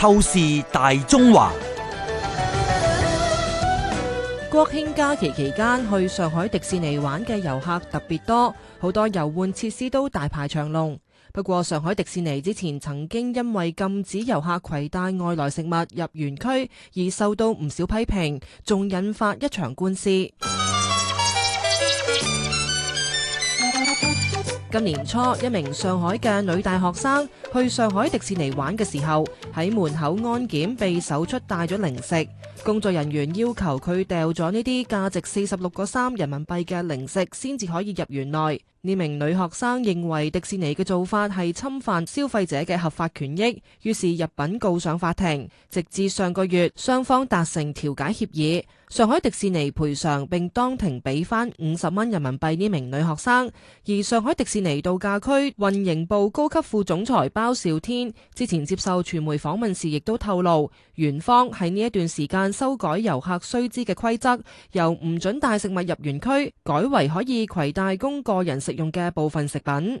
透視大中華。國慶假期期間，去上海迪士尼玩嘅遊客特別多，好多遊玩設施都大排長龍。不過，上海迪士尼之前曾經因為禁止遊客攜帶外來食物入園區而受到唔少批評，仲引發一場官司。今年初，一名上海嘅女大學生去上海迪士尼玩嘅時候，喺門口安檢被搜出帶咗零食，工作人員要求佢掉咗呢啲價值四十六個三人民幣嘅零食先至可以入園內。呢名女學生認為迪士尼嘅做法係侵犯消費者嘅合法權益，於是入禀告上法庭。直至上個月，雙方達成調解協議。上海迪士尼賠償並當庭俾翻五十蚊人民幣呢名女學生。而上海迪士尼度假區運營部高級副總裁包少天之前接受傳媒訪問時，亦都透露園方喺呢一段時間修改遊客須知嘅規則，由唔准帶食物入園區，改為可以攜帶供個人食用嘅部分食品。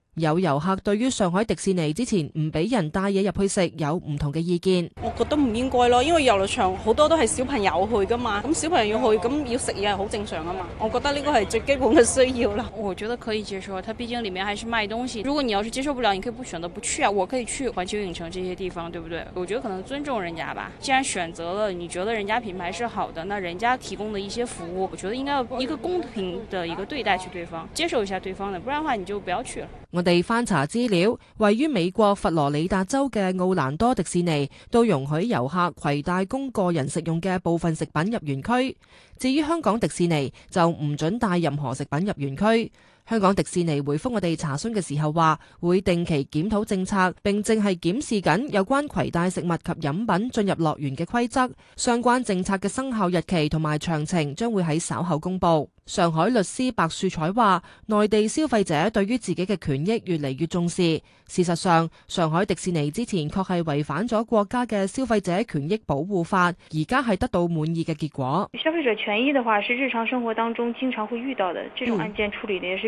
有遊客對於上海迪士尼之前唔俾人帶嘢入去食有唔同嘅意見，我覺得唔應該咯，因為遊樂場好多都係小朋友去噶嘛，咁小朋友要去咁要食嘢係好正常噶嘛，我覺得呢個係最基本嘅需要啦。我覺得可以接受，佢畢竟裏面還是賣東西，如果你要是接受不了，你可以不選擇不去啊。我可以去環球影城這些地方，對不對？我覺得可能尊重人家吧。既然選擇了，你覺得人家品牌是好的，那人家提供的一些服務，我覺得應該要一個公平的一個對待去對方，接受一下對方的，不然的話你就不要去了。我哋翻查資料，位於美國佛羅里達州嘅奧蘭多迪士尼都容許遊客攜帶供個人食用嘅部分食品入園區。至於香港迪士尼，就唔准帶任何食品入園區。香港迪士尼回覆我哋查詢嘅時候話，會定期檢討政策，並正係檢視緊有關攜帶食物及飲品進入樂園嘅規則。相關政策嘅生效日期同埋詳情將會喺稍後公布。上海律師白樹彩話：內地消費者對於自己嘅權益越嚟越重視。事實上，上海迪士尼之前確係違反咗國家嘅消費者權益保護法，而家係得到滿意嘅結果。消費者權益嘅話，是日常生活當中經常會遇到嘅，這種案件處理的也是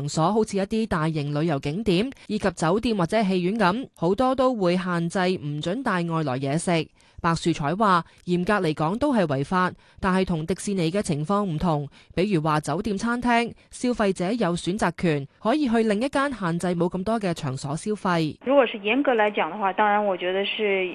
場所好似一啲大型旅遊景點以及酒店或者戲院咁，好多都會限制唔准帶外來嘢食。白樹彩話：嚴格嚟講都係違法，但係同迪士尼嘅情況唔同。比如話酒店餐廳，消費者有選擇權，可以去另一間限制冇咁多嘅場所消費。如果是嚴格來講嘅話，當然我覺得是。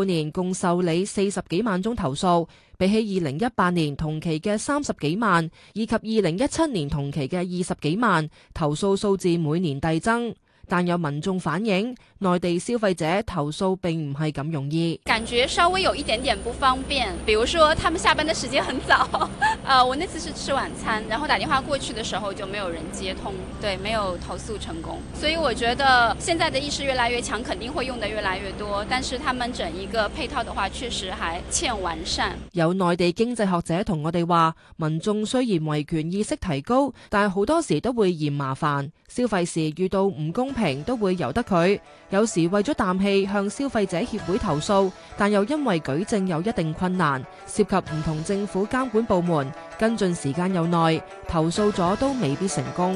每年共受理四十幾萬宗投訴，比起二零一八年同期嘅三十幾萬，以及二零一七年同期嘅二十幾萬，投訴數字每年遞增。但有民眾反映，內地消費者投訴並唔係咁容易，感覺稍微有一點點不方便。比如說，他們下班的時間很早，呃、啊，我那次是吃晚餐，然後打電話過去的時候就沒有人接通，對，沒有投訴成功。所以我覺得現在的意識越來越強，肯定會用得越來越多，但是他們整一個配套的話，確實還欠完善。有內地經濟學者同我哋話，民眾雖然維權意識提高，但係好多時都會嫌麻煩，消費時遇到唔公平，都會由得佢，有時為咗啖氣向消費者協會投訴，但又因為舉證有一定困難，涉及唔同政府監管部門，跟進時間又耐，投訴咗都未必成功。